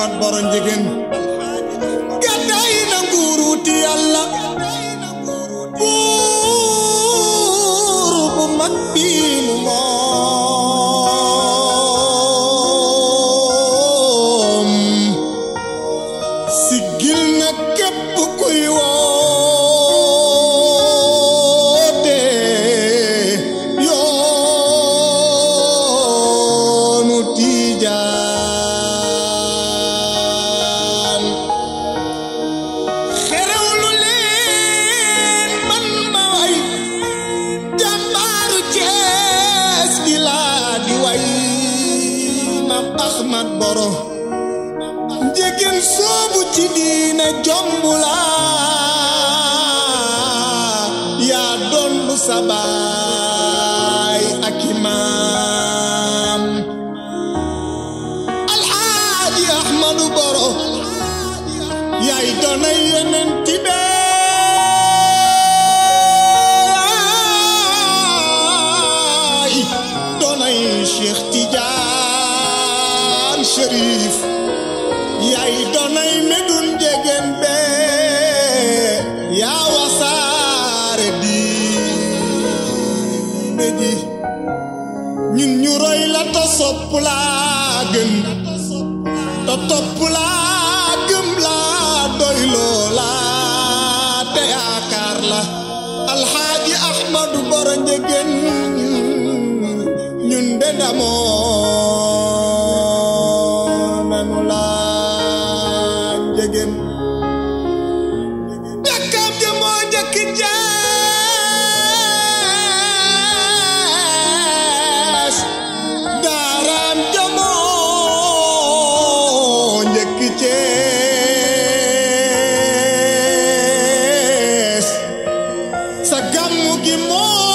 Ahmad Borom Jigéen gàddaay na nguuruti Yàlla buur bu mag na kuy maam Boro njëgin soobu ci diine yaa doon lu sabaay ak imaam alxaaji Ahmadu Boro yaay doonay sherif yay donay medun jegen be ya wasaare di ne ji ñun ñu roy la to sopp laa gën to topp laa gëm laa doy loola te yaakaar la alxaaji ahmadu boro njegen ñun de damoo gàmmu gi moo